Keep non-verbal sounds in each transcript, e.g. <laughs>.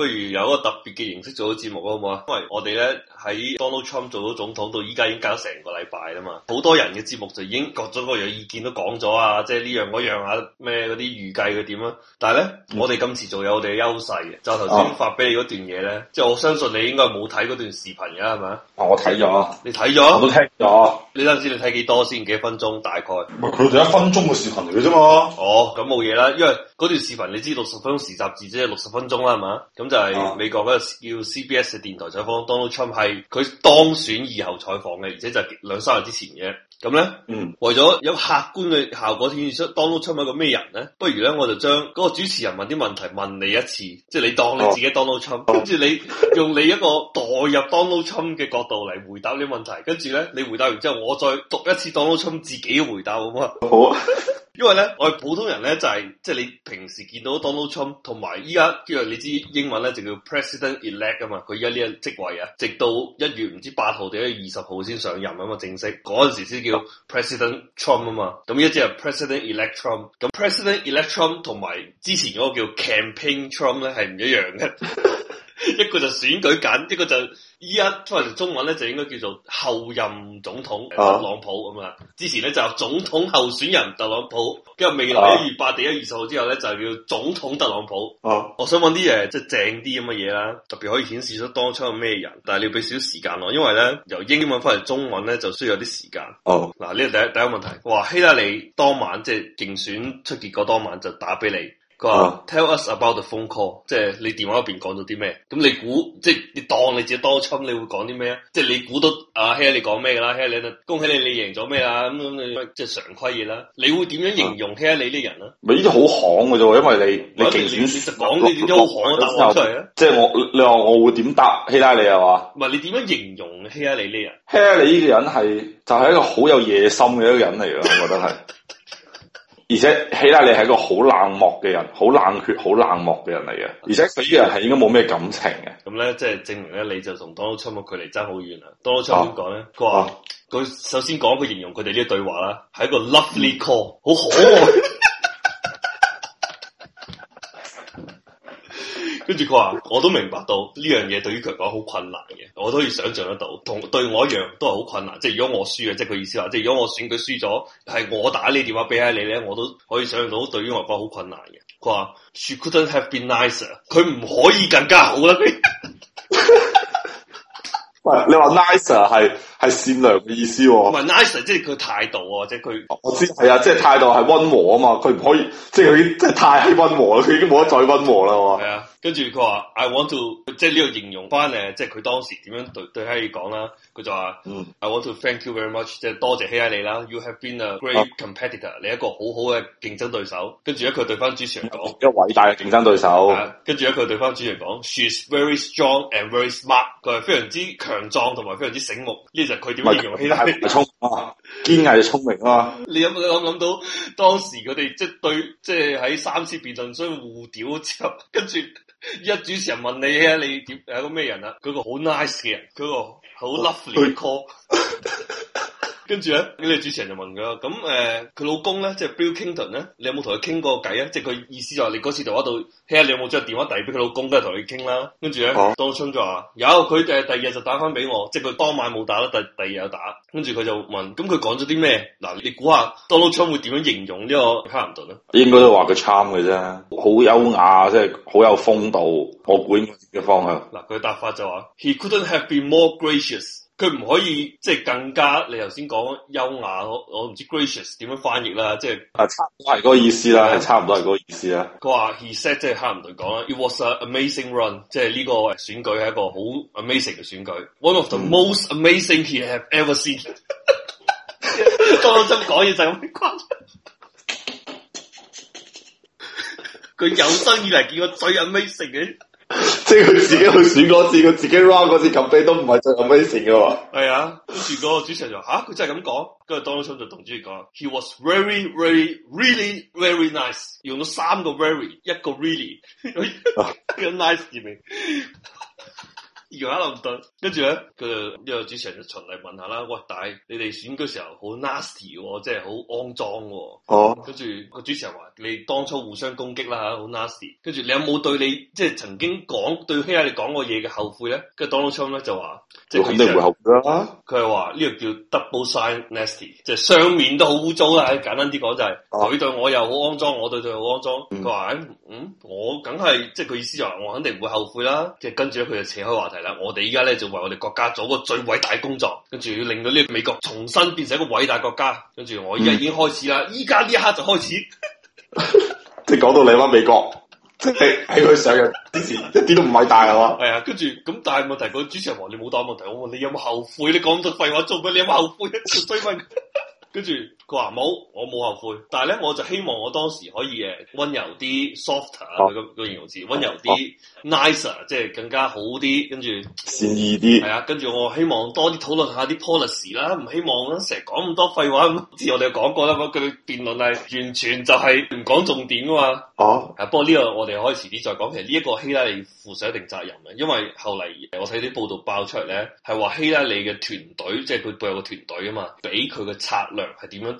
不如有一個特別嘅形式做咗節目好冇啊？因為我哋咧喺 Donald Trump 做到總統到依家已經搞咗成個禮拜啦嘛，好多人嘅節目就已經各種各樣意見都講咗啊，即係呢樣嗰樣啊咩嗰啲預計佢點啊？但係咧，我哋今次做有我哋嘅優勢，就頭先發俾你嗰段嘢咧，啊、即係我相信你應該冇睇嗰段視頻㗎係嘛？我睇咗，你睇咗，我都聽咗。你知唔知你睇幾多先？幾分鐘大概？唔係佢哋一分鐘嘅視頻嚟嘅啫嘛。哦，咁冇嘢啦，因為。嗰段視頻你知六十分鐘時雜誌，即係六十分鐘啦，係嘛？咁就係美國嗰個叫 CBS 嘅電台採訪、啊、Donald Trump 係佢當選以後採訪嘅，而且就係兩三日之前嘅。咁咧，嗯，為咗有客觀嘅效果，顯示出 Donald Trump 係個咩人咧？不如咧，我就將嗰個主持人問啲問題問你一次，即係你當你自己 Donald Trump，、oh. 跟住你用你一個代入 Donald Trump 嘅角度嚟回答啲問題，跟住咧你回答完之後，我再讀一次 Donald Trump 自己嘅回答，好唔好啊？好。Oh. <laughs> 因為咧，我哋普通人咧就係、是、即係你平時見到 Donald Trump，同埋依家叫做你知英文咧就叫 President Elect 啊嘛，佢依家呢個職位啊，直到一月唔知八號定一月二十號先上任啊嘛，正式嗰陣時先叫 President Trump 啊嘛，咁一即係 President Elect Trump 咁 President Elect Trump 同埋之前嗰個叫 Campaign Trump 咧係唔一樣嘅， <laughs> 一個就選舉緊，一個就。依一翻嚟中文咧就應該叫做後任總統特朗普咁啊，之前咧就有總統候選人特朗普，跟住未來一月八定一月二十號之後咧就叫做總統特朗普。哦，我想揾啲誒即係正啲咁嘅嘢啦，特別可以顯示出當初係咩人，但係你要俾少少時間我，因為咧由英文翻嚟中文咧就需要有啲時間。哦，嗱呢個第第一個問題，哇希拉里當晚即係、就是、競選出結果當晚就打俾你。佢話、嗯、tell us about the phone call，即係你電話入邊講咗啲咩？咁你估，即係你當你自己當川普，你會講啲咩啊？即係你估到阿希拉里講咩啦？希拉里，恭喜你，你贏咗咩啊？咁咁你即係常規嘢啦。你會點樣形容希拉里呢人啊？咪呢啲好巷嘅啫，因為你你奇選選講你點都好巷，答我出嚟啊！即係我你話我會點答希拉里係嘛？唔係你點、啊、樣形容希拉里呢人？希拉里呢個人係就係、是、一個好有野心嘅一個人嚟嘅，我覺得係。 <laughs> 而且希拉里係一個好冷漠嘅人，好冷血、好冷漠嘅人嚟嘅。而且佢啲人係應該冇咩感情嘅。咁咧，即係證明咧，你就同多 o n 嘅距離爭好遠啦。多 o n a l 咧？佢話佢首先講一個形容佢哋呢對話啦，係一個 lovely call，好可愛。 <laughs> 佢話：我都明白到呢樣嘢對於佢講好困難嘅，我都可以想像得到，同對我一樣都係好困難。即係如果我輸啊，即係佢意思話，即係如果我選舉輸咗，係我打呢電話俾係你咧，我都可以想像到對於我嚟講好困難嘅。佢話：She couldn't have been nicer，佢唔可以更加好一啲 <laughs> <laughs> 喂，你話 nicer 係？係善良嘅意思喎。哦，唔係 nice，即係佢態度啊，即係佢。我知係啊，即係態度係温和啊嘛，佢唔可以，即係佢即係太温和啦，佢已經冇得再温和啦。係啊，跟住佢話，I want to 即係呢個形容翻誒，即係佢當時點樣對對希雅講啦。佢就話，I want to thank you very much，即係多謝希拉里啦。You have been a great competitor，啊、你一個好好嘅競爭對手。跟住咧，佢對翻主持人講，一位偉大嘅競爭對手。跟住咧，佢對翻主持人講，She's very strong and very smart，佢係非常之強壯同埋非常之醒目。佢點形容？聰 <laughs> 啊，堅毅就聰明啊！你有冇諗諗到當時佢哋即對，即係喺三次辯論所以互屌，跟住一主持人問你啊，你點係個咩人啊？嗰個好 nice 嘅人，嗰個好 lovely call、啊。 <laughs> 跟住咧，呢位主持人就問佢：，咁誒佢老公咧，即係 Bill Clinton 咧，你有冇同佢傾過偈啊？即係佢意思就係你嗰次到你有有電話度聽下你有冇將電話遞俾佢老公，跟住同佢傾啦？跟住咧、啊、，Donald Trump 就話：有，佢誒第二日就打翻俾我，即係佢當晚冇打啦，第第二日打。跟住佢就問：，咁佢講咗啲咩？嗱、呃，你估下 Donald Trump 會點樣形容個哈呢個克林頓咧？應該都話佢 charm 嘅啫，好優雅，即係好有風度。我估應該嘅方向。嗱，佢答法就話：，He couldn't have been more gracious。佢唔可以即係、就是、更加，你頭先講優雅，我我唔知 gracious 點樣翻譯啦，即係啊，差唔係嗰意思啦，係、嗯、差唔多係嗰意思啦。佢話：he said，即係克林頓講啦，it was an amazing run，即係呢個選舉係一個好 amazing 嘅選舉，one of the most amazing he have ever seen。當真講嘢就咁誇張，佢有生以來見過最 amazing 嘅。即係佢自己去選嗰次，佢自己 round 嗰次 compet 都唔係最後咩成嘅喎。係啊，跟住個主持人就話嚇，佢真係咁講，跟住當中就同主席講，he was very very really very nice，用咗三個 very，一個 really，咁 nice 啲咩？而家喺倫敦，跟住咧佢就一個主持人就循例問下啦。喂，但係你哋選舉時候好 nasty 喎，即係好骯髒喎。哦。跟住個主持人話、哦哦啊：你當初互相攻擊啦嚇，好 nasty。跟住你有冇對你即係曾經講對希亞你講過嘢嘅後悔咧？跟住 Donald Trump 咧就話，即係肯定會後悔啊。」佢係話呢個叫 double side nasty，即係雙面都好污糟啦。簡單啲講就係、是、佢、啊、對我又好骯髒，我對佢又骯髒。佢話、嗯，嗯，我梗係即係佢意思就係我肯定唔會後悔啦。即係跟住咧佢就扯開話題。我哋依家咧就為我哋國家做個最偉大嘅工作，跟住要令到呢個美國重新變成一個偉大國家，跟住我依家已經開始啦，依家呢一刻就開始。 <laughs> <laughs> 即係講到你啦美國，即係喺佢上日，之前一啲都唔偉大係嘛？係啊，跟住咁但係問題，個主持人話，你冇答問題，我問你有冇後悔？你講咁多廢話做咩？你有冇後悔？再追問，跟住。佢話冇，我冇後悔，但係咧我就希望我當時可以誒温柔啲、softer 啊，佢咁個形容詞，温、啊、柔啲、啊、nicer，即係更加好啲，跟住善意啲，係啊，跟住我希望多啲討論下啲 policy 啦，唔希望成日講咁多廢話。之前我哋講過啦，嗰句辯論係完全就係唔講重點㗎嘛。哦、啊，係、啊，不過呢個我哋可以遲啲再講。其實呢一個希拉里負上一定責任嘅，因為後嚟我睇啲報道爆出嚟咧，係話希拉里嘅團隊，即係佢都有個團隊㗎嘛，俾佢嘅策略係點樣？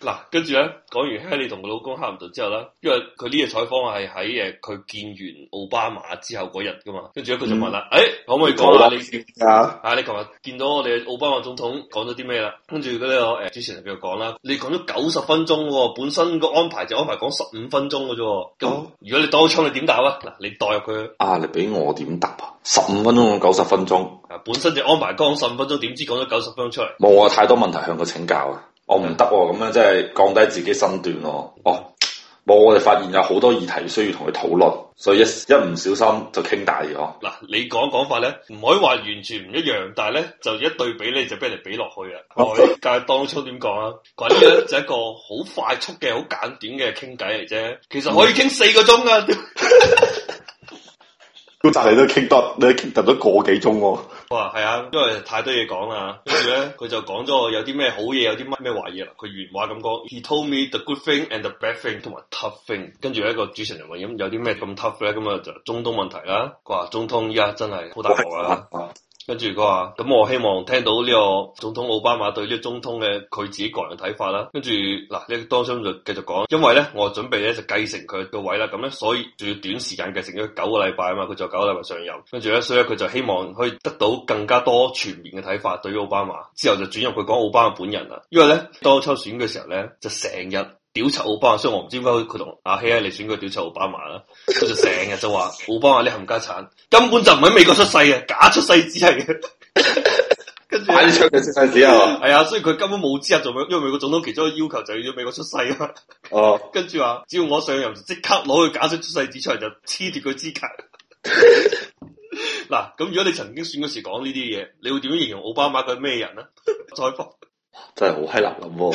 嗱，跟住咧，講完喺你同佢老公哈唔頓之後咧，因為佢呢個採訪係喺誒佢見完奧巴馬之後嗰日噶嘛，跟住咧佢就問啦，誒、嗯哎、可唔可以講下、啊啊、你啊啊，你琴日見到我哋奧巴馬總統講咗啲咩啦？跟住嗰啲我誒主持人繼續講啦，你講咗九十分鐘，哦，本身個安排就安排講十五分鐘嘅啫。咁如果你打槍，你點答啊？嗱，你代入佢啊？你俾我點答啊？十五分鐘九十分鐘啊，本身就安排講十五分鐘，點知講咗九十分鐘出嚟？冇啊，太多問題向佢請教啊！我唔得喎，咁樣即係降低自己身段咯。哦，冇，我哋發現有好多議題需要同佢討論，所以一一唔小心就傾大咗。嗱，你講講法咧，唔可以話完全唔一樣，但係咧就一對比咧，就俾人哋比落去啊。 <laughs> 但係當初點講啊？嗰啲咧就係一個好快速嘅、好簡短嘅傾偈嚟啫，其實可以傾四個鐘啊。 <laughs> 都你都傾得，你傾得咗個幾鐘喎。我話係啊，因為太多嘢講啦。跟住咧，佢就講咗有啲咩好嘢，有啲乜咩壞嘢啦。佢原話咁講。He told me the good thing and the bad thing，同埋 tough thing。跟住一個主持人話：咁有啲咩咁 tough 咧？咁、嗯、啊就中東問題啦。佢話中東依家真係好大鑊啦。跟住佢話：咁我希望聽到呢個總統奧巴馬對於中通嘅佢自己個人嘅睇法啦。跟住嗱，呢當中就繼續講，因為咧我準備咧就繼承佢個位啦。咁咧所以仲要短時間繼承咗九個禮拜啊嘛，佢就九個禮拜上任。跟住咧，所以佢就，就希望可以得到更加多全面嘅睇法對於奧巴馬。之後就轉入佢講奧巴馬本人啦，因為咧當初選嘅時候咧就成日。屌柒奧巴馬，所以我唔知點解佢同阿希拉利選佢屌柒奧巴馬啦。佢就成日就話奧巴馬你冚家鏟根本就唔喺美國出世嘅，假出世紙嚟嘅。 <laughs> 跟住著假出世出世紙，係嘛？係啊，所以佢根本冇資格做咩，因為美國總統其中一個要求就要美國出世啊嘛。哦，跟住話只要我上任即刻攞佢假出世紙出嚟就黐住佢資格。嗱，咁如果你曾經選嗰時講呢啲嘢，你會點形容奧巴馬佢係咩人咧？採 <laughs> 訪真係好閪難諗。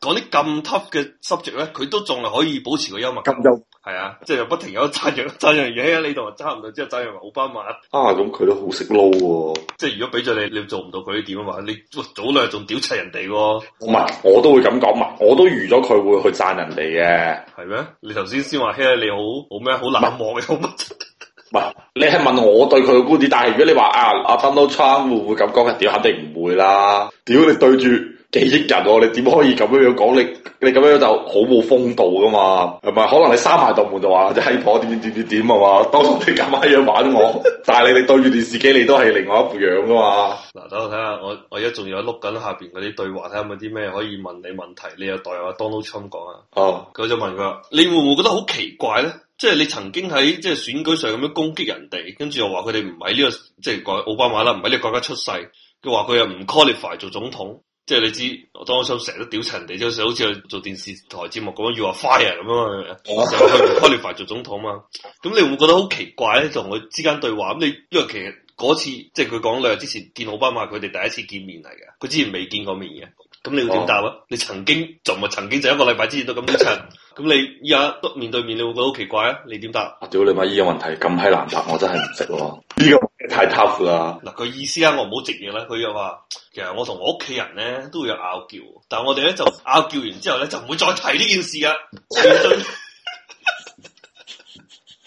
講啲咁 top 嘅濕值咧，佢都仲係可以保持個幽默感。係中啊，即係又不停有讚揚讚揚嘢啊！你同人差唔多，即係讚揚奧巴馬。啊，咁佢都好識撈喎！啊、即係如果俾咗你，你做唔到佢啲點啊嘛？你早兩日仲屌柒人哋喎。唔係，我都會咁講嘛，我都預咗佢會去讚人哋嘅。係咩？你頭先先話嘿你好好咩好難忘嘅，好唔係是 <laughs> 你係問我對佢嘅觀點，但係如果你話啊，阿 Donald Trump 會唔會咁講屌？肯定唔會啦！屌你對住。幾億人哦、啊，你點可以咁樣樣講？你你咁樣就好冇風度噶嘛？係咪？可能你閂埋道門就話啲閪婆點點點點點啊嘛？當你咁樣樣玩我，但係你哋對住電視機，你都係另外一副樣噶嘛？嗱，等我睇下，我我而家仲有喺碌緊下邊嗰啲對話，睇下有冇啲咩可以問你問題？你又代話 Donald Trump 講啊？哦，佢就問佢話，你會唔會覺得好奇怪咧？即係你曾經喺即係選舉上咁樣攻擊人哋，跟住又話佢哋唔喺呢個即係嗰奧巴馬啦，唔喺呢個國家出世，佢話佢又唔 qualify 做總統。即係你知，我當初成日都屌陳地，即係好似做電視台節目咁樣，要話 fire 咁啊嘛，又去開裂凡做總統啊嘛。咁你會覺得好奇怪咧，同佢之間對話咁你，因為其實嗰次即係佢講兩日之前見奧巴馬，佢哋第一次見面嚟嘅，佢之前未見過面嘅。咁你會點答啊？哦、你曾經就唔係曾經，就一個禮拜之前都咁屌陳。咁 <laughs> 你而家都面對面，你會覺得好奇怪啊？你點答？屌你媽，依、這個問題咁閪難答，我真係唔識喎。呢、這個問題太 tough 啦。嗱，佢、啊、意思啊，我唔好直言啦，佢又話。其實我同我屋企人咧都會有拗撬，但係我哋咧就拗撬完之後咧就唔會再提呢件事啊！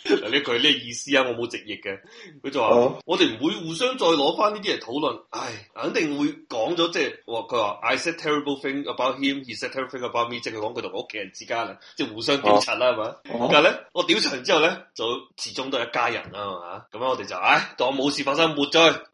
呢句係咩意思啊？我冇直譯嘅，佢就話、啊、我哋唔會互相再攞翻呢啲嚟討論，唉，肯定會講咗，即係話佢話 I said terrible thing about him, he said terrible thing about me，即係講佢同我屋企人之間、就是、啊，即係互相調查啦，係嘛，啊？但係咧，我調查完之後咧，就始終都係一家人啦嘛，咁樣我哋就唉，當冇事發生，抹追。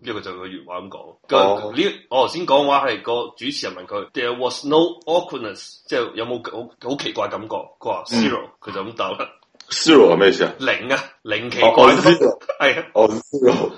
呢個就佢原話咁講。呢、這個 oh. 這個，我頭先講話係、這個主持人問佢，there was no awkwardness，即係有冇好好奇怪感覺。佢話、嗯、zero，佢就咁答啦。zero 係咩意思啊？零啊，零奇怪。係、oh, oh, 啊。哦 zero